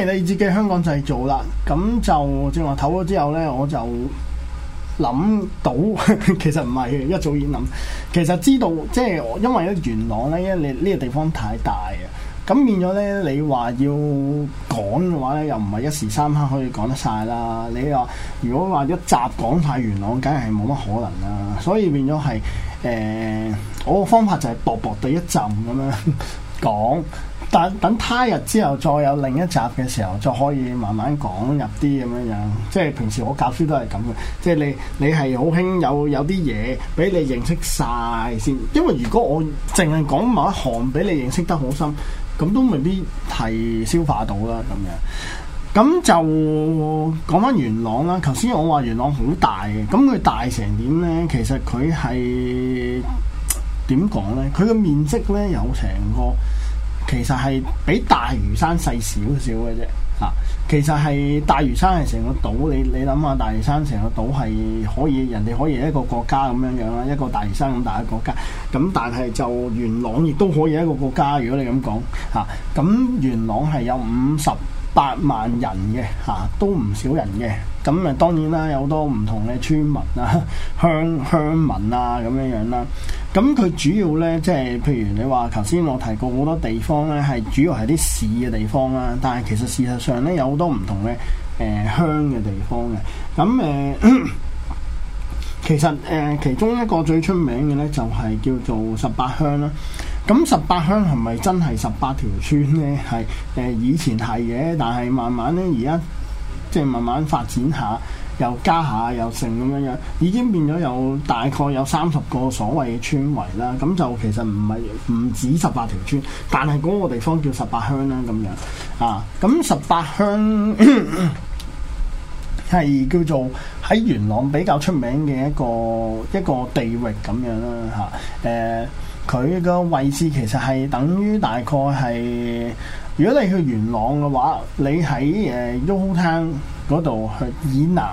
因為你自己香港製造啦，咁就正話唞咗之後呢，我就諗到， 其實唔係一早已經諗。其實知道，即係因為咧，元朗咧，一你呢個地方太大啊，咁變咗呢，你話要講嘅話呢，又唔係一時三刻可以講得晒啦。你話如果話一集講晒元朗，梗係冇乜可能啦，啊。所以變咗係誒，我個方法就係薄薄地一浸咁樣講。 但等他日之後再有另一集嘅時候，再可以慢慢講入啲咁樣樣。即係平時我教書都係咁嘅，即係你你係好興有有啲嘢俾你認識晒先。因為如果我淨係講某一行俾你認識得好深，咁都未必係消化到啦。咁樣，咁就講返元朗啦。頭先我話元朗好大嘅，咁佢大成點呢？其實佢係點講呢？佢嘅面積呢，有成個。其實係比大嶼山細少少嘅啫，吓、啊，其實係大嶼山係成個島，你你諗下大嶼山成個島係可以人哋可以一個國家咁樣樣啦，一個大嶼山咁大嘅國家，咁但係就元朗亦都可以一個國家，如果你咁講吓，咁、啊、元朗係有五十八萬人嘅吓、啊，都唔少人嘅。咁誒當然啦，有好多唔同嘅村民啊、呵呵民啊、鄉鄉民啊咁樣樣啦。咁佢主要咧，即係譬如你話頭先我提過好多地方咧，係主要係啲市嘅地方啦。但係其實事實上咧，有好多唔同嘅誒、呃、鄉嘅地方嘅。咁誒、呃，其實誒、呃、其中一個最出名嘅咧，就係、是、叫做十八鄉啦。咁十八鄉係咪真係十八條村咧？係誒、呃、以前係嘅，但係慢慢咧而家。即係慢慢發展下，又加下又剩咁樣樣，已經變咗有大概有三十個所謂嘅村圍啦。咁就其實唔係唔止十八條村，但係嗰個地方叫十八鄉啦咁樣啊。咁十八鄉係叫做喺元朗比較出名嘅一個一個地域咁樣啦嚇。誒、啊，佢、呃、個位置其實係等於大概係。如果你去元朗嘅話，你喺誒 Yoho Town 嗰度去以南，誒、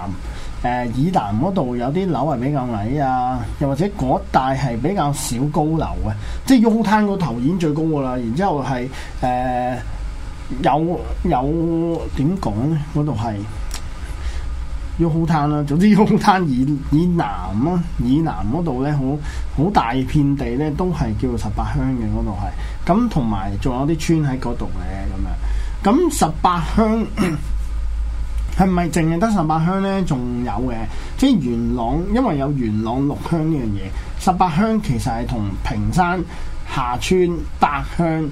呃、以南嗰度有啲樓係比較矮啊，又或者嗰帶係比較少高樓嘅，即係 Yoho Town 嗰頭已經最高噶啦。然之後係誒、呃、有有點講呢？嗰度係 Yoho Town 啦，總之 Yoho Town 以以南啊，以南嗰度咧，好好大片地咧，都係叫做十八鄉嘅嗰度係。咁同埋仲有啲村喺嗰度呢。咁樣，咁十八鄉係咪係淨係得十八鄉呢？仲有嘅，即係元朗，因為有元朗六鄉呢樣嘢。十八鄉其實係同屏山、廈村、八鄉、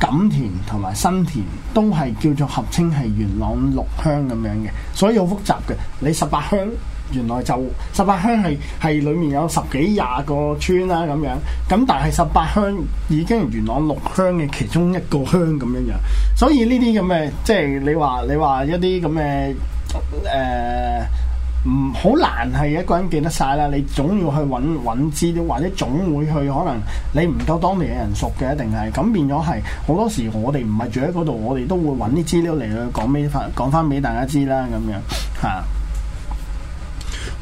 錦田同埋新田都係叫做合稱係元朗六鄉咁樣嘅，所以好複雜嘅。你十八鄉。原來就十八鄉係係裡面有十幾廿個村啦咁樣，咁但係十八鄉已經元朗六鄉嘅其中一個鄉咁樣樣，所以呢啲咁嘅即係你話你話一啲咁嘅誒，唔、呃、好難係一個人記得晒啦。你總要去揾揾資料，或者總會去可能你唔夠當地嘅人熟嘅，一定係咁變咗係好多時我哋唔係住喺嗰度，我哋都會揾啲資料嚟去講俾，翻講翻俾大家知啦咁樣嚇。啊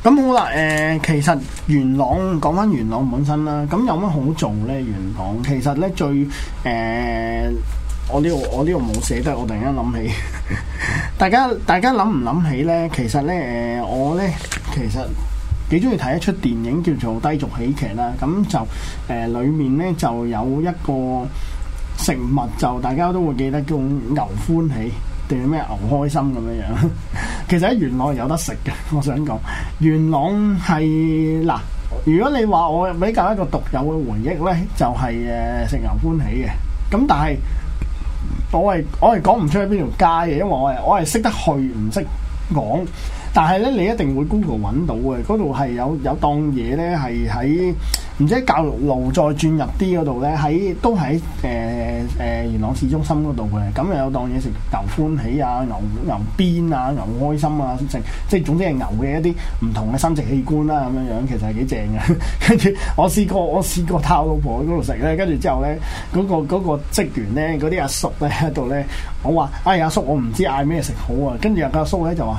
咁好啦，誒、呃，其實元朗講翻元朗本身啦，咁有乜好做咧？元朗其實咧最誒、呃，我呢度我呢度冇寫得，我突然間諗起，大家大家諗唔諗起咧？其實咧，誒、呃，我咧其實幾中意睇一出電影叫做《低俗喜劇》啦。咁就誒、呃，裏面咧就有一個食物，就大家都會記得叫牛歡喜定咩牛開心咁樣樣。其實喺元朗有得食嘅，我想講，元朗係嗱，如果你話我比較一個獨有嘅回憶咧，就係誒食牛歡喜嘅，咁但係我係我係講唔出去邊條街嘅，因為我係我係識得去唔識講，但係咧你一定會 Google 搵到嘅，嗰度係有有檔嘢咧係喺。唔知教育路再轉入啲嗰度咧，喺都喺誒誒元朗市中心嗰度嘅，咁又有檔嘢食牛歡喜啊、牛牛鞭啊、牛開心啊，即即係總之係牛嘅一啲唔同嘅生殖器官啦咁樣樣，其實係幾正嘅。跟 住我試過，我試過摷老婆喺嗰度食咧，跟住之後咧，嗰個嗰個職員咧，嗰啲阿叔咧喺度咧，我話，哎阿叔，我唔知嗌咩食好啊。跟住阿阿叔咧就話，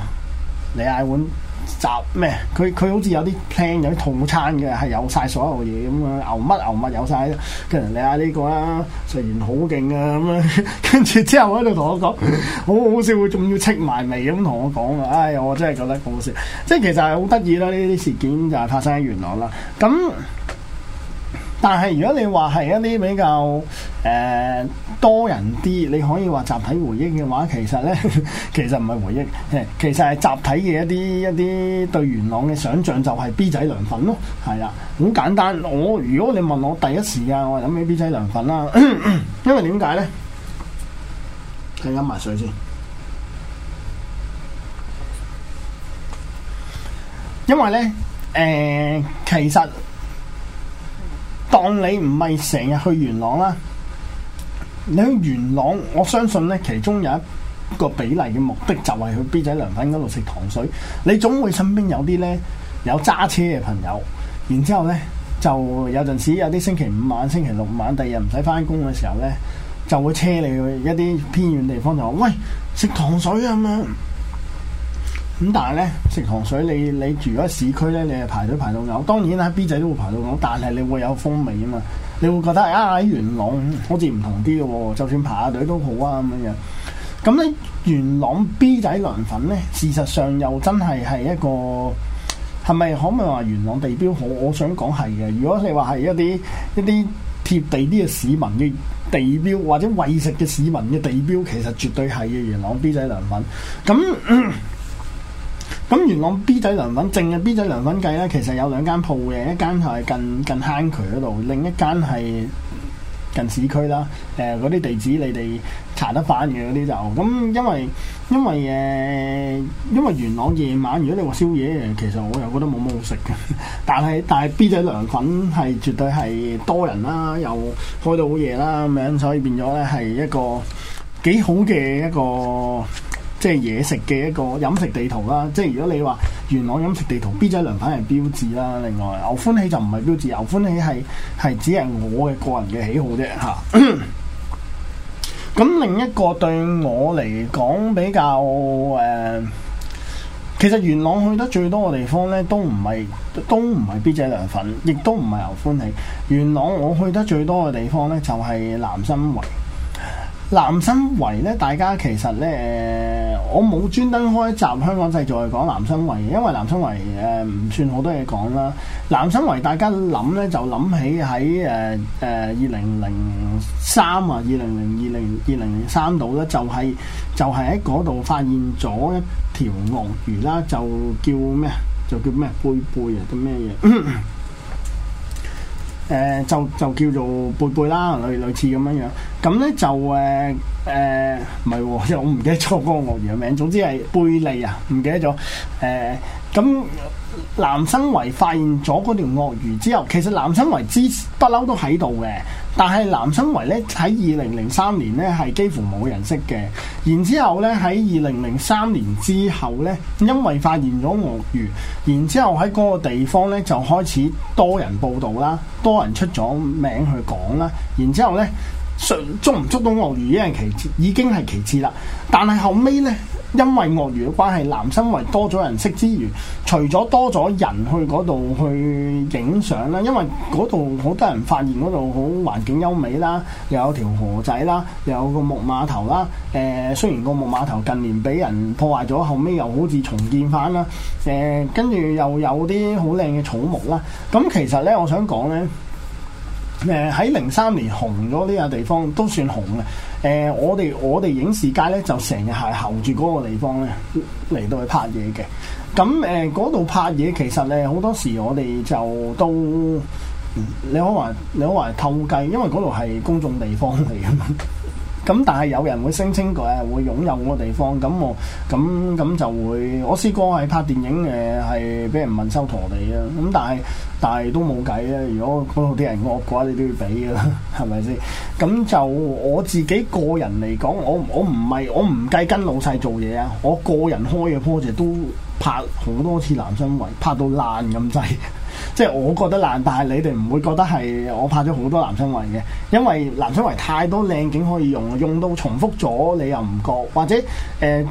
你嗌碗。集咩？佢佢好似有啲 plan，有啲套餐嘅，係有晒所有嘢咁啊！牛乜牛乜有晒，跟住你睇下呢個啦，雖然好勁啊咁啦，跟住之後喺度同我講，好 好笑，仲要戚埋眉咁同我講啊！唉，我真係覺得好好笑，即係其實係好得意啦，呢啲事件就係發生喺元朗啦，咁。但係如果你話係一啲比較誒、呃、多人啲，你可以話集體回憶嘅話，其實呢，呵呵其實唔係回憶，其實係集體嘅一啲一啲對元朗嘅想象就係 B 仔涼粉咯，係啦，好簡單。我如果你問我第一時間我諗起 B 仔涼粉啦，因為點解呢？睇飲埋水先，因為呢，誒、呃，其實。當你唔係成日去元朗啦，你去元朗，我相信呢其中有一個比例嘅目的就係去 B 仔涼粉嗰度食糖水。你總會身邊有啲呢有揸車嘅朋友，然之後呢就有陣時有啲星期五晚、星期六晚、第二日唔使返工嘅時候呢，就會車你去一啲偏遠地方，就話喂，食糖水啊咁樣。咁但係咧食糖水你，你你住咗市區咧，你係排隊排到攰。當然啦，B 仔都會排到攰，但係你會有風味啊嘛，你會覺得啊喺元朗好似唔同啲嘅，就算排下隊都好啊咁樣樣。咁咧，元朗 B 仔涼粉咧，事實上又真係係一個係咪可唔可以話元朗地標？好？我想講係嘅。如果你話係一啲一啲貼地啲嘅市民嘅地標，或者為食嘅市民嘅地標，其實絕對係嘅元朗 B 仔涼粉。咁。嗯咁元朗 B 仔涼粉，淨係 B 仔涼粉計咧，其實有兩間鋪嘅，一間係近近坑渠嗰度，另一間係近市區啦。誒，嗰啲地址你哋查得翻嘅嗰啲就咁。因為因為誒，因為元朗夜晚如果你話宵夜嘅，其實我又覺得冇乜好食嘅。但係但係 B 仔涼粉係絕對係多人啦，又開到好夜啦咁樣，所以變咗咧係一個幾好嘅一個。即係嘢食嘅一個飲食地圖啦，即係如果你話元朗飲食地圖，B 仔涼粉係標誌啦。另外牛歡喜就唔係標誌，牛歡喜係係只係我嘅個人嘅喜好啫吓，咁 另一個對我嚟講比較誒、呃，其實元朗去得最多嘅地方呢，都唔係都唔係 B 仔涼粉，亦都唔係牛歡喜。元朗我去得最多嘅地方呢，就係、是、南生圍。南生圍咧，大家其實咧，我冇專登開集香港製造嚟講南生圍，因為南生圍誒唔算好多嘢講啦。南生圍大家諗咧200、就係，就諗起喺誒誒二零零三啊，二零零二零二零零三度咧，就係就係喺嗰度發現咗一條鱷魚啦，就叫咩？就叫咩？貝貝啊，定咩嘢？ 誒、呃、就就叫做貝貝啦，類類似咁樣樣。咁咧就誒誒，唔、呃、係，即、呃哦、我唔記得錯嗰個鱷魚嘅名。總之係貝利啊，唔記得咗。誒、呃、咁。南生圍發現咗嗰條鱷魚之後，其實南生圍之不嬲都喺度嘅，但係南生圍呢，喺二零零三年呢，係幾乎冇人識嘅。然之後咧喺二零零三年之後呢，因為發現咗鱷魚，然之後喺嗰個地方呢，就開始多人報道啦，多人出咗名去講啦，然之後咧捉唔捉到鱷魚已經係其次，已經係其次啦，但係後尾呢。因為鱷魚嘅關係，南生圍多咗人識之餘，除咗多咗人去嗰度去影相啦，因為嗰度好多人發現嗰度好環境優美啦，又有條河仔啦，又有個木碼頭啦。誒、呃，雖然個木碼頭近年俾人破壞咗，後尾又好似重建翻啦。誒、呃，跟住又有啲好靚嘅草木啦。咁、啊、其實呢，我想講呢，誒喺零三年紅咗呢個地方，都算紅嘅。誒、呃，我哋我哋影視界咧，就成日係候住嗰個地方咧嚟到去拍嘢嘅。咁誒，嗰、呃、度拍嘢其實咧，好多時我哋就都，你可話你可話係偷雞，因為嗰度係公眾地方嚟㗎嘛。 咁但係有人會聲稱佢係會擁有我地方，咁我咁咁就會，我試過係拍電影，誒，係俾人問收陀地啊。咁但係但係都冇計啊！如果嗰度啲人惡嘅話，你都要俾嘅啦，係咪先？咁就我自己個人嚟講，我我唔係我唔計跟老細做嘢啊！我個人開嘅 project 都拍好多次南生圍，拍到爛咁滯。 即係我覺得難，但係你哋唔會覺得係我拍咗好多南生圍嘅，因為南生圍太多靚景可以用，用到重複咗你又唔覺，或者誒。呃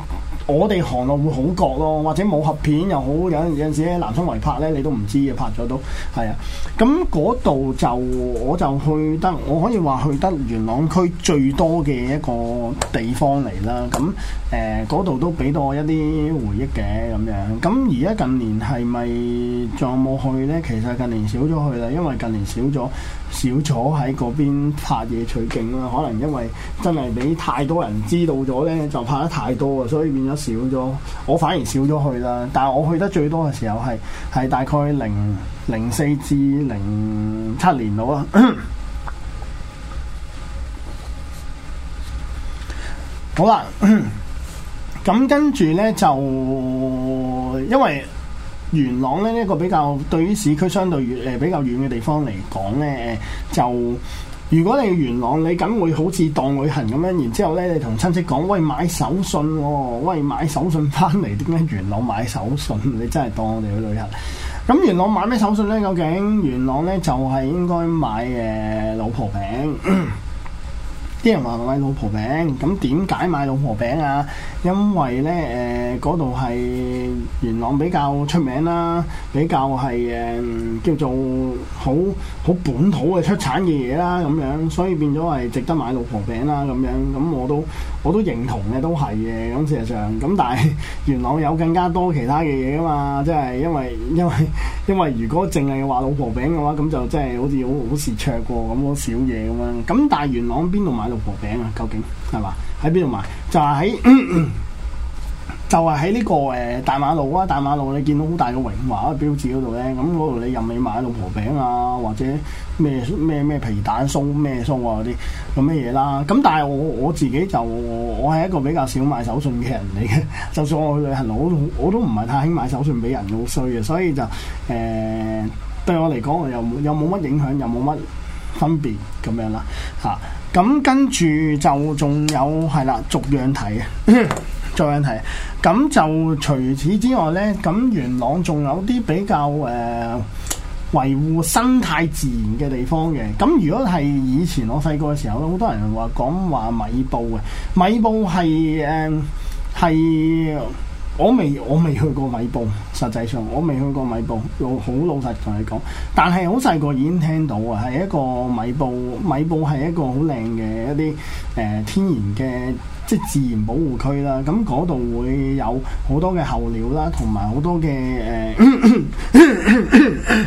我哋行落會好覺咯，或者武俠片又好，有陣有陣時喺南生圍拍咧，你都唔知嘅，拍咗都係啊。咁嗰度就我就去得，我可以話去得元朗區最多嘅一個地方嚟啦。咁誒嗰度都俾到我一啲回憶嘅咁樣。咁而家近年係咪仲有冇去咧？其實近年少咗去啦，因為近年少咗。少咗喺嗰邊拍嘢取景啦，可能因為真係俾太多人知道咗呢，就拍得太多啊，所以變咗少咗。我反而少咗去啦，但係我去得最多嘅時候係係大概零零四至零七年度啦。 好啦，咁 跟住呢，就因為。元朗咧呢一個比較對於市區相對遠誒比較遠嘅地方嚟講呢，就如果你元朗你梗會好似當旅行咁樣，然之後呢，你同親戚講，喂買手信喎，哦，喂買手信翻嚟，點解元朗買手信？你真係當我哋去旅行。咁元朗買咩手信呢？究竟元朗呢，就係、是、應該買誒、呃、老婆餅。啲人話我買老婆餅，咁點解買老婆餅啊？因為呢誒，嗰度係元朗比較出名啦，比較係誒、呃、叫做好好本土嘅出產嘅嘢啦，咁樣，所以變咗係值得買老婆餅啦，咁樣，咁我都我都認同嘅，都係嘅，咁事實上，咁但係元朗有更加多其他嘅嘢噶嘛，即係因為因為。因為因為如果淨係話老婆餅嘅話，咁就真係好似好好時灼過咁，少嘢咁樣。咁大元朗邊度買老婆餅啊？究竟係嘛？喺邊度買？就係喺。 就係喺呢個誒大馬路啊，大馬路你見到好大個榮華嘅標誌嗰度咧，咁嗰度你任你買老婆餅啊，或者咩咩咩皮蛋酥、咩酥啊嗰啲咁咩嘢啦。咁、啊、但係我我自己就我係一個比較少買手信嘅人嚟嘅，就算我去旅行，我我都唔係太興買手信俾人嘅，好衰嘅。所以就誒、呃、對我嚟講，又又冇乜影響，又冇乜分別咁樣啦、啊、嚇。咁跟住就仲有係啦，逐樣睇嘅。 個，咁就除此之外呢，咁元朗仲有啲比較誒、呃、維護生態自然嘅地方嘅。咁如果係以前我細個嘅時候好多人話講話米埔嘅，米埔係誒係。呃我未我未去過米埔，實際上我未去過米埔，我好老實同你講。但係好細個已經聽到啊，係一個米埔，米埔係一個好靚嘅一啲誒、呃、天然嘅即係自然保護區啦。咁嗰度會有好多嘅候鳥啦，同埋好多嘅誒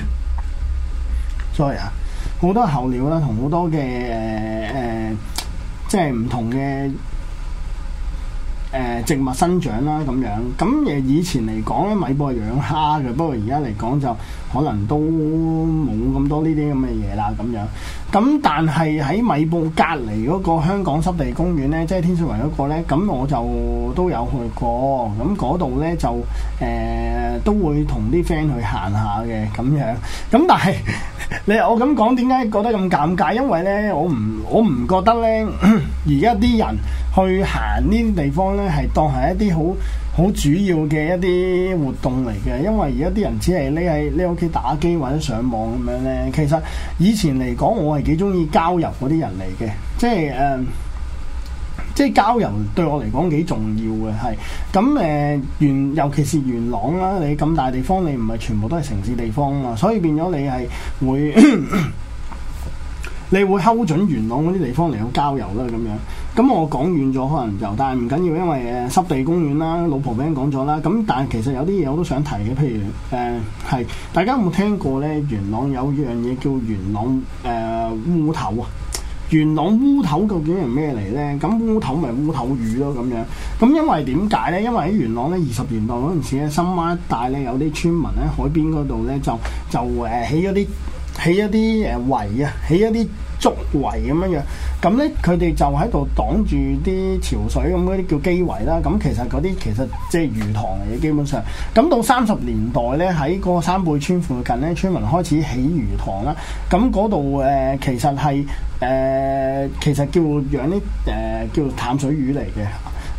sorry 啊，好多候鳥啦，同好多嘅誒誒，即係唔同嘅。誒植物生長啦咁樣，咁誒以前嚟講咧，米波係養蝦嘅，不過而家嚟講就可能都冇咁多呢啲咁嘅嘢啦咁樣。咁但係喺米埔隔離嗰個香港濕地公園呢，即係天水圍嗰個呢，咁我就都有去過。咁嗰度呢，就、呃、誒都會同啲 friend 去行下嘅咁樣。咁但係你我咁講，點解覺得咁尷尬？因為呢，我唔我唔覺得呢，而家啲人去行呢啲地方呢，係當係一啲好好主要嘅一啲活動嚟嘅，因為而家啲人只係匿喺你屋企打機或者上網咁樣咧。其實以前嚟講，我係幾中意郊遊嗰啲人嚟嘅，即係誒、呃，即係郊遊對我嚟講幾重要嘅，係咁誒。元、呃、尤其是元朗啦，你咁大地方，你唔係全部都係城市地方啊嘛，所以變咗你係會，你會睺準元朗嗰啲地方嚟去郊遊啦，咁樣。咁我講遠咗可能就，但係唔緊要，因為誒濕地公園啦，老婆畀人講咗啦。咁但係其實有啲嘢我都想提嘅，譬如誒係、呃，大家有冇聽過咧？元朗有一樣嘢叫元朗誒、呃、烏頭啊！元朗烏頭究竟係咩嚟咧？咁烏頭咪烏頭魚咯咁樣。咁因為點解咧？因為喺元朗咧，二十年代嗰陣時咧，深灣一帶咧有啲村民咧，海邊嗰度咧就就誒起一啲起一啲誒圍啊，起一啲。竹圍咁樣樣，咁咧佢哋就喺度擋住啲潮水咁，嗰啲叫基圍啦。咁其實嗰啲其實即係魚塘嚟嘅，基本上。咁到三十年代咧，喺嗰個山貝村附近咧，村民開始起魚塘啦。咁嗰度誒其實係誒、呃、其實叫養啲誒叫淡水魚嚟嘅。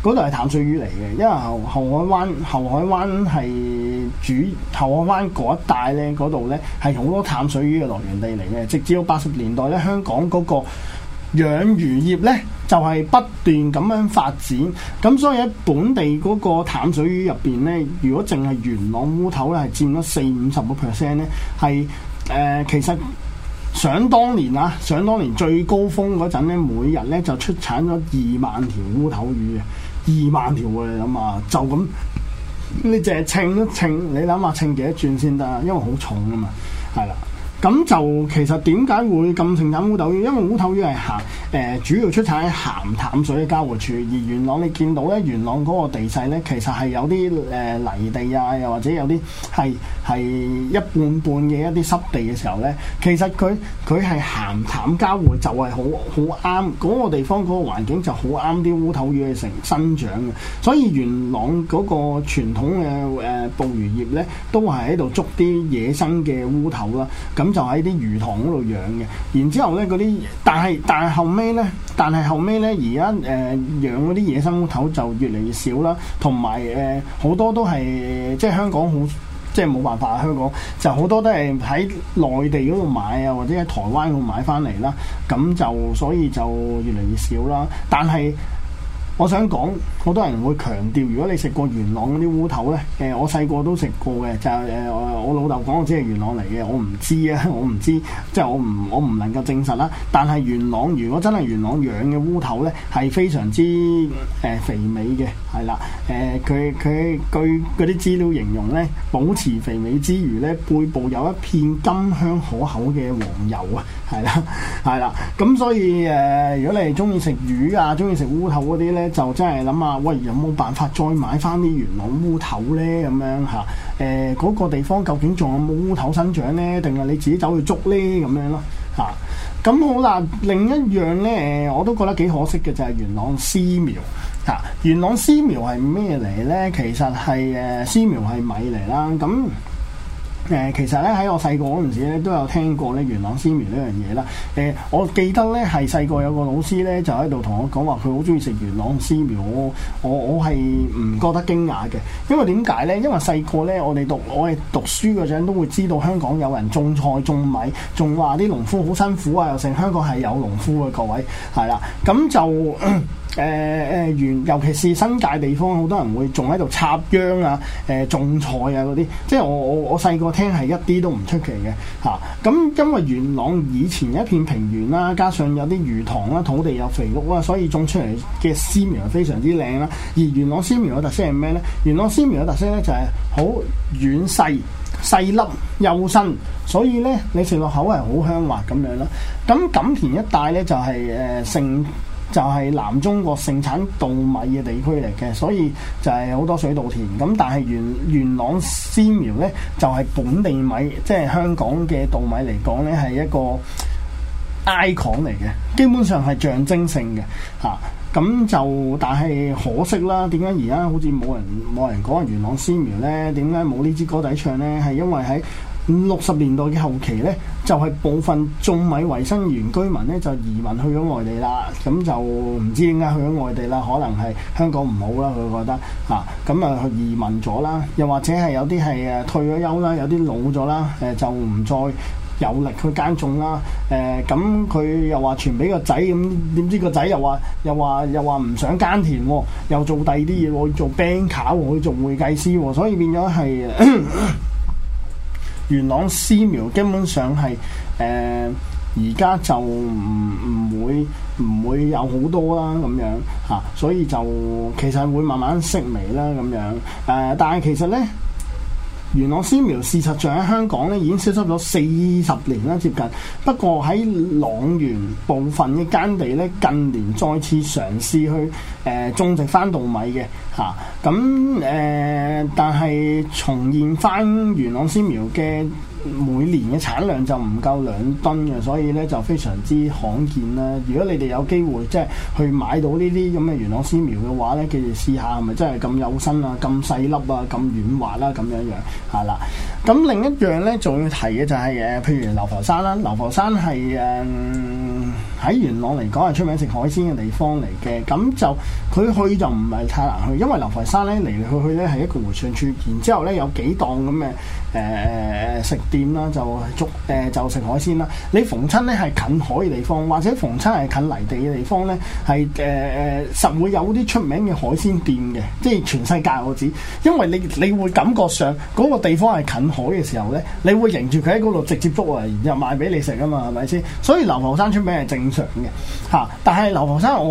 嗰度係淡水魚嚟嘅，因為後後海灣後海灣係。主銅鑼灣嗰一帶咧，嗰度咧係好多淡水魚嘅來源地嚟嘅。直至到八十年代咧，香港嗰個養魚業咧就係、是、不斷咁樣發展，咁所以喺本地嗰個淡水魚入邊咧，如果淨係元朗烏頭咧，係佔咗四五十個 percent 咧，係誒、呃、其實想當年啊，想當年最高峰嗰陣咧，每日咧就出產咗二萬條烏頭魚，二萬條嘅你諗啊，就咁。你淨係稱，都稱，你諗下稱幾多轉先得啊？因為好重啊嘛，係啦。咁就其實點解會咁盛產烏頭魚？因為烏頭魚係行誒主要出產喺鹹淡水嘅交匯處，而元朗你見到咧，元朗嗰個地勢咧，其實係有啲誒、呃、泥地啊，又或者有啲係係一半半嘅一啲濕地嘅時候咧，其實佢佢係鹹淡交匯，就係好好啱嗰個地方嗰個環境就好啱啲烏頭魚嘅成生長嘅。所以元朗嗰個傳統嘅誒捕魚業咧，都係喺度捉啲野生嘅烏頭啦。咁就喺啲魚塘嗰度養嘅，然之後咧嗰啲，但係，但係後尾咧，但係後尾咧，而家誒養嗰啲野生烏頭就越嚟越少啦，同埋誒好多都係即係香港好，即係冇辦法，香港就好多都係喺內地嗰度買啊，或者喺台灣度買翻嚟啦，咁就所以就越嚟越少啦，但係。我想講，好多人會強調，如果你食過元朗嗰啲烏頭呢，誒、呃，我細個都食過嘅，就誒、係呃，我老豆講我只係元朗嚟嘅，我唔知啊，我唔知，即係我唔我唔能夠證實啦。但係元朗如果真係元朗養嘅烏頭呢，係非常之、呃、肥美嘅，係啦，誒佢佢據啲資料形容呢，保持肥美之餘呢，背部有一片甘香可口嘅黃油啊！係啦，係啦，咁所以誒、呃，如果你係中意食魚啊，中意食烏頭嗰啲咧，就真係諗下，喂，有冇辦法再買翻啲元朗烏頭咧？咁樣嚇誒，嗰、啊欸嗰個地方究竟仲有冇烏頭生長咧？定係你自己走去捉咧？咁樣咯嚇。咁、啊、好啦，另一樣咧，我都覺得幾可惜嘅就係、是、元朗絲苗嚇、啊。元朗絲苗係咩嚟咧？其實係誒絲苗係米嚟啦。咁誒其實咧，喺我細個嗰陣時咧，都有聽過咧，元朗絲苗呢樣嘢啦。誒我記得咧，係細個有個老師咧，就喺度同我講話佢好中意食元朗絲苗。我我我係唔覺得驚訝嘅，因為點解咧？因為細個咧，我哋讀我哋讀書嗰陣都會知道香港有人種菜種米，仲話啲農夫好辛苦啊。又成香港係有農夫嘅，各位係啦，咁就。 誒誒元，尤其是新界地方，好多人會仲喺度插秧啊、誒、呃、種菜啊嗰啲，即係我我我細個聽係一啲都唔出奇嘅嚇。咁、啊、因為元朗以前一片平原啦，加上有啲魚塘啦，土地又肥沃啊，所以種出嚟嘅絲苗係非常之靚啦。而元朗絲苗嘅特色係咩呢？元朗絲苗嘅特色呢，就係好軟，細細粒幼身，所以呢，你食落口係好香滑咁樣咯。咁錦田一帶呢、就係，就係誒成。性就係南中國盛產稻米嘅地區嚟嘅，所以就係好多水稻田。咁但係元元朗絲苗呢，就係、是、本地米，即係香港嘅稻米嚟講呢，係一個 icon 嚟嘅，基本上係象徵性嘅嚇。咁、啊、就但係可惜啦，點解而家好似冇人冇人講元朗絲苗呢？點解冇呢支歌仔唱呢？係因為喺五六十年代嘅後期咧，就係、是、部分種米維生原居民咧，就移民去咗外地啦。咁就唔知點解去咗外地啦，可能係香港唔好啦，佢覺得啊，咁啊移民咗啦。又或者係有啲係誒退咗休啦，有啲老咗啦，誒、呃、就唔再有力去耕種啦。誒咁佢又話傳俾個仔，咁點知個仔又話又話又話唔想耕田喎、啊，又做第二啲嘢喎，做 banker、er、佢、啊、做會計師喎、啊，所以變咗係。 元朗絲苗根本上係誒，而家就唔唔會唔會有好多啦，咁樣吓、啊，所以就其實會慢慢式微啦咁樣誒、呃，但係其實咧。元朗絲苗事實上喺香港咧已經消失咗四十年啦，接近。不過喺朗源部分嘅耕地咧，近年再次嘗試去誒、呃、種植翻稻米嘅嚇，咁、啊、誒、呃、但係重現翻元朗絲苗嘅。每年嘅產量就唔夠兩噸嘅，所以咧就非常之罕見啦。如果你哋有機會即係去買到呢啲咁嘅元朗絲苗嘅話咧，記住試下係咪真係咁有身啊、咁細粒啊、咁軟滑啦，咁樣樣係啦。咁另一樣咧仲要提嘅就係、是、誒，譬如流浮山啦，流浮山係誒喺元朗嚟講係出名食海鮮嘅地方嚟嘅。咁就佢去就唔係太難去，因為流浮山咧嚟嚟去去咧係一個迴旋處，然之後咧有幾檔咁嘅誒食店點啦？就逐誒就食海鮮啦。你逢親咧係近海嘅地方，或者逢親係近泥地嘅地方咧，係誒誒實會有啲出名嘅海鮮店嘅，即係全世界我指。因為你你會感覺上嗰個地方係近海嘅時候咧，你會迎住佢喺嗰度直接撲嚟，然之後賣俾你食啊嘛，係咪先？所以流浮山出名係正常嘅嚇。但係流浮山我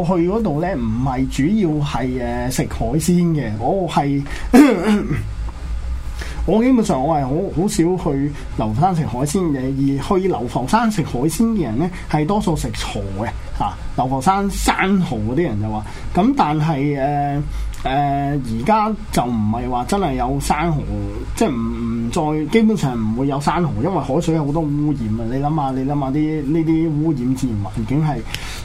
我去嗰度咧，唔係主要係誒食海鮮嘅，我係。 我基本上我係好好少去流浮山食海鮮嘅，而去流浮山食海鮮嘅人呢，係多數食蠔嘅嚇。流、啊、浮山生蠔嗰啲人就話，咁但係誒誒，而、呃、家、呃、就唔係話真係有生蠔，即係唔唔再基本上唔會有生蠔，因為海水有好多污染啊！你諗下，你諗下啲呢啲污染自然環境係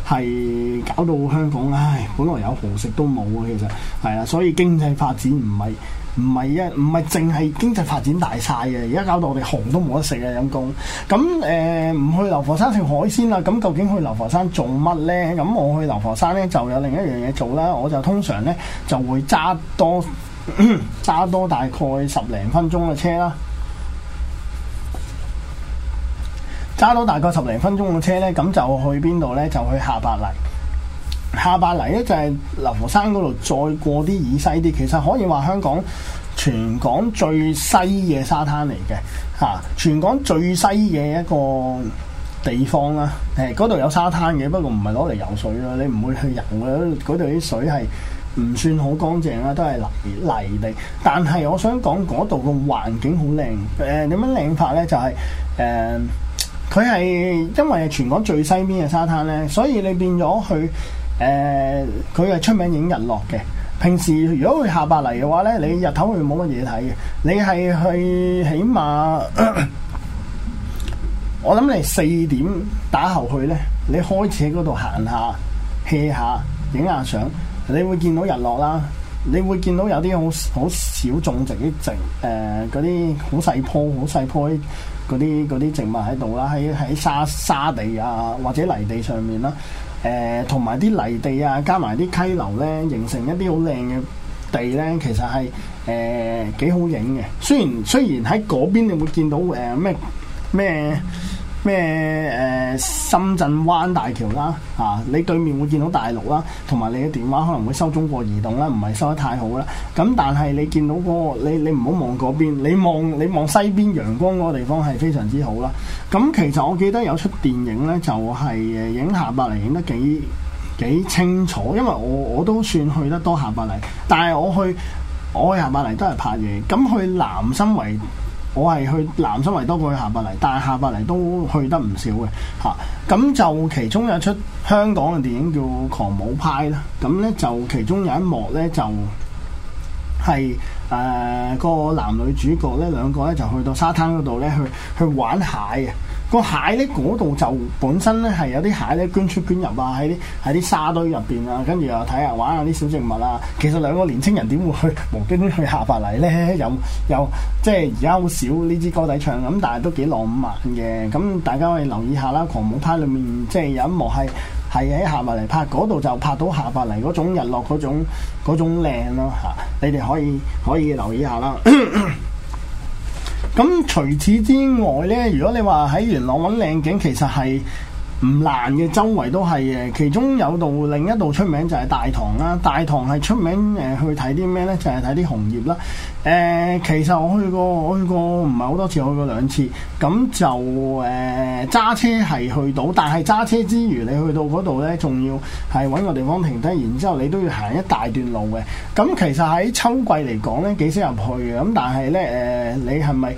係搞到香港唉，本來有蠔食都冇啊！其實係啊，所以經濟發展唔係。唔係啊，唔係淨係經濟發展大晒嘅，而家搞到我哋紅都冇得食啊，陰公。咁誒，唔去流浮山食海鮮啦。咁究竟去流浮山做乜呢？咁我去流浮山呢，就有另一樣嘢做啦。我就通常呢，就會揸多揸多大概十零分鐘嘅車啦，揸多大概十零分鐘嘅車呢，咁就去邊度呢？就去下白泥。下白泥咧就係流浮山嗰度，再過啲以西啲，其實可以話香港全港最西嘅沙灘嚟嘅嚇，全港最西嘅一個地方啦。誒，嗰度有沙灘嘅，不過唔係攞嚟游水啦，你唔會去游嘅。嗰度啲水係唔算好乾淨啦，都係泥泥地。但係我想講嗰度嘅環境好靚，誒、呃、點樣靚法咧？就係、是、誒，佢、呃、係因為係全港最西邊嘅沙灘咧，所以你變咗去。誒，佢係、呃、出名影日落嘅。平時如果去下白泥嘅話咧，你日頭會冇乜嘢睇嘅。你係去起碼， 我諗你四點打後去咧，你開始喺嗰度行下、歇下、影下相，你會見到日落啦。你會見到有啲好好少種植啲植誒嗰啲好細棵、好細棵啲啲植物喺度啦，喺喺沙沙地啊或者泥地上面啦。誒同埋啲泥地啊，加埋啲溪流呢，形成一啲好靚嘅地呢，其實係誒、呃、幾好影嘅。雖然雖然喺嗰邊你會見到誒咩咩。呃咩誒、呃、深圳灣大橋啦，嚇、啊、你對面會見到大陸啦，同埋你嘅電話可能會收中國移動啦，唔係收得太好啦。咁但係你見到嗰、那個，你你唔好望嗰邊，你望你望西邊陽光嗰個地方係非常之好啦。咁其實我記得有出電影呢，就係誒影下白泥影得幾幾清楚，因為我我都算去得多下白泥，但係我去我去下白泥都係拍嘢，咁去南生圍。我係去南生圍多過去下白泥，但係下白泥都去得唔少嘅嚇。咁、啊、就其中有一出香港嘅電影叫《狂舞派》啦。咁呢就其中有一幕呢，就係、是、誒、呃那個男女主角呢兩個呢，就去到沙灘嗰度呢，去去玩蟹啊！個蟹咧，嗰度就本身咧係有啲蟹咧，捐出捐入啊，喺啲喺啲沙堆入邊啊，跟住又睇下玩下啲小植物啊。其實兩個年青人點會去無端端去下法泥咧？有，又，又即係而家好少呢支歌仔唱，咁但係都幾浪漫嘅。咁大家可以留意下啦，《狂舞派》裏面即係有一幕係係喺下白泥拍，嗰度就拍到下白泥嗰種日落嗰種嗰種靚咯嚇。你哋可以可以留意下啦。 咁除此之外呢，如果你話喺元朗揾靚景，其實係唔難嘅，周圍都係嘅。其中有道另一道出名就係大棠啦，大棠係出名誒去睇啲咩呢？就係睇啲紅葉啦。誒、呃，其實我去過，我去過唔係好多次，去過兩次。咁就誒，揸、呃、車係去到，但係揸車之餘，你去到嗰度呢，仲要係揾個地方停低，然之後你都要行一大段路嘅。咁其實喺秋季嚟講呢，幾適合去嘅。咁但係呢，誒、呃，你係咪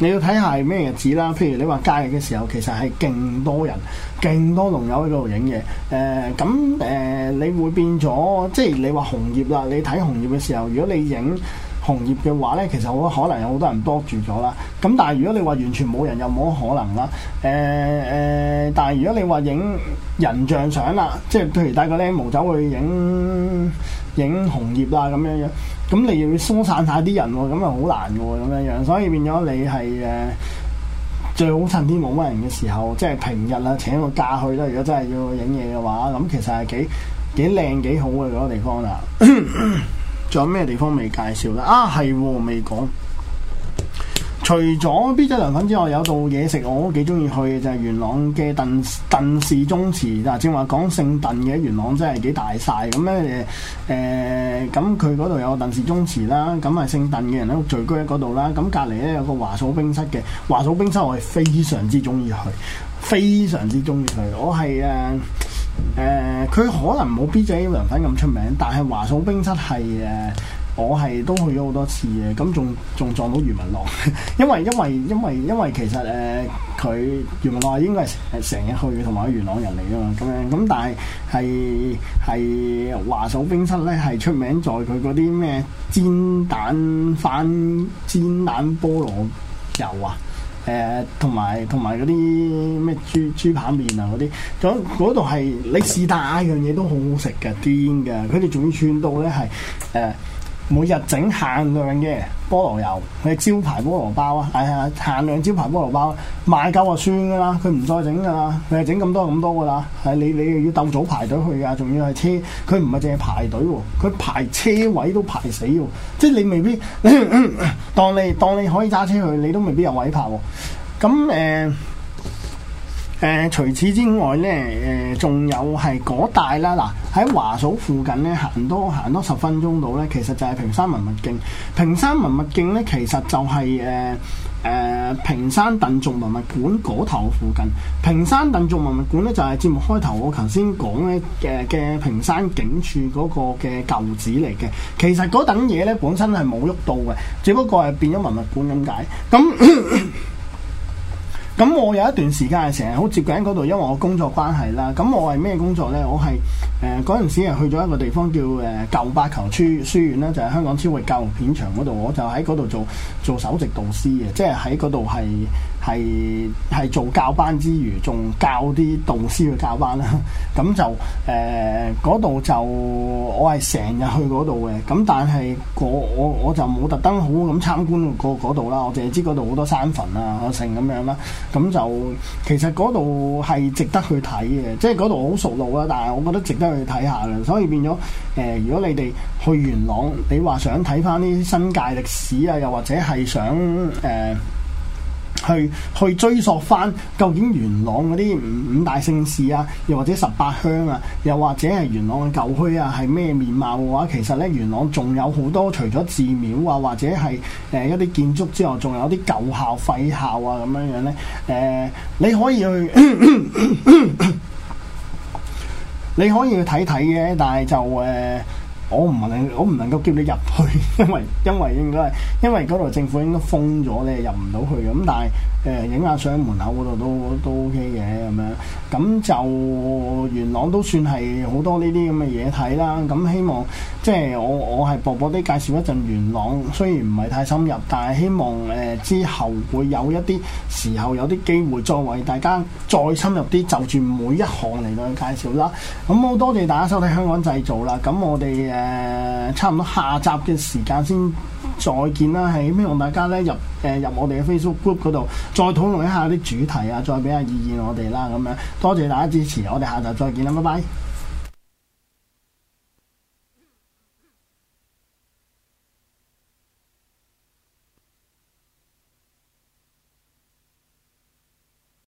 你要睇下咩日子啦？譬如你話假日嘅時候，其實係勁多人，勁多龍友喺嗰度影嘢。誒、呃，咁誒、呃，你會變咗，即係你話紅葉啦。你睇紅葉嘅時候，如果你影紅葉嘅話呢，其實好可能有好多人多住咗啦。咁但係如果你話完全冇人又冇乜可能啦。誒、呃、誒、呃，但係如果你話影人像相啦，即係譬如帶個靚模走去影影紅葉啦咁樣樣，咁你又要疏散晒啲人喎，咁啊好難嘅喎咁樣樣，所以變咗你係誒最好趁啲冇乜人嘅時候，即係平日啦，請個假去啦。如果真係要影嘢嘅話，咁其實係幾幾靚幾好嘅嗰個地方啦。 仲有咩地方未介紹呢？啊，係，未講。除咗 B 仔涼粉之外，有道嘢食我都幾中意去嘅，就係、是、元朗嘅鄧鄧氏宗祠。嗱，正話講姓鄧嘅元朗真係幾大晒。咁咧誒，咁佢嗰度有個鄧氏宗祠啦。咁係姓鄧嘅人咧聚居喺嗰度啦。咁隔離咧有個華嫂冰室嘅華嫂冰室，我係非常之中意去，非常之中意去。我係誒。啊誒，佢、呃、可能冇 B 仔涼粉咁出名，但係華嫂冰室係誒，我係都去咗好多次嘅，咁仲仲撞到余文樂， 因為因為因為因為其實誒，佢、呃、余文樂係應該係成日去嘅，同埋佢元朗人嚟㗎嘛，咁樣咁但係係係華嫂冰室咧係出名在佢嗰啲咩煎蛋番、煎蛋菠蘿油啊。誒，同埋同埋嗰啲咩豬豬扒麵啊，嗰啲，仲嗰度係你試大樣嘢都好好食㗎，癲㗎，佢哋仲要串到咧係誒。每日整限量嘅菠蘿油，佢招牌菠蘿包啊，係、哎、啊，限量招牌菠蘿包，賣夠就算噶啦，佢唔再整噶啦，佢係整咁多咁多噶啦，係、哎、你你又要鬥早排隊去噶，仲要係車，佢唔係淨係排隊喎，佢排車位都排死喎，即係你未必，咳咳當你當你可以揸車去，你都未必有位泊喎，咁誒。呃誒、呃、除此之外咧，誒、呃、仲有係嗰帶啦。嗱，喺華嫂附近咧，行多行多十分鐘到咧，其實就係屏山文物徑。屏山文物徑咧，其實就係誒誒屏山鄧族文物館嗰頭附近。屏山鄧族文物館咧，就係、是、節目開頭我頭先講咧誒嘅屏山警署嗰個嘅舊址嚟嘅。其實嗰等嘢咧，本身係冇喐到嘅，只不過係變咗文物館咁解。咁、嗯 咁我有一段時間係成日好接近嗰度，因為我工作關係啦。咁我係咩工作咧？我係誒嗰陣時去咗一個地方叫誒舊八球書書院啦，就係、是、香港超越教育片場嗰度，我就喺嗰度做做首席導師嘅，即係喺嗰度係。係係做教班之餘，仲教啲導師去教班啦。咁 就誒嗰度就我係成日去嗰度嘅。咁但係我我就冇特登好咁參觀過嗰度啦。我淨係知嗰度好多山墳啊、個城咁樣啦。咁就其實嗰度係值得去睇嘅，即係嗰度好熟路啊。但係我覺得值得去睇下嘅。所以變咗誒、呃，如果你哋去元朗，你話想睇翻啲新界歷史啊，又或者係想誒。呃去去追溯翻，究竟元朗嗰啲五五大姓氏啊，又或者十八鄉啊，又或者係元朗嘅舊墟啊，係咩面貌嘅話，其實呢，元朗仲有好多除咗寺廟啊，或者係誒、呃、一啲建築之外，仲有啲舊校廢校啊，咁樣樣呢，誒、呃，你可以去 你可以去睇睇嘅，但係就誒。呃我唔能，我唔能夠叫你入去，因為因為應該因為嗰度政府應該封咗，你係入唔到去嘅。咁但係誒影下相，呃、門口嗰度都都 OK 嘅咁樣。咁就元朗都算係好多呢啲咁嘅嘢睇啦。咁希望即係我我係薄薄啲介紹一陣元朗，雖然唔係太深入，但係希望誒、呃、之後會有一啲時候有啲機會，再為大家再深入啲，就住每一行嚟到介紹啦。咁好多謝大家收睇《香港製造》啦。咁我哋誒。誒，差唔多下集嘅時間先再見啦。希望，嗯、大家咧，入誒、呃、入我哋嘅 Facebook group 嗰度，再討論一下啲主題啊，再俾下意見我哋啦。咁樣多謝大家支持，我哋下集再見啦，拜拜。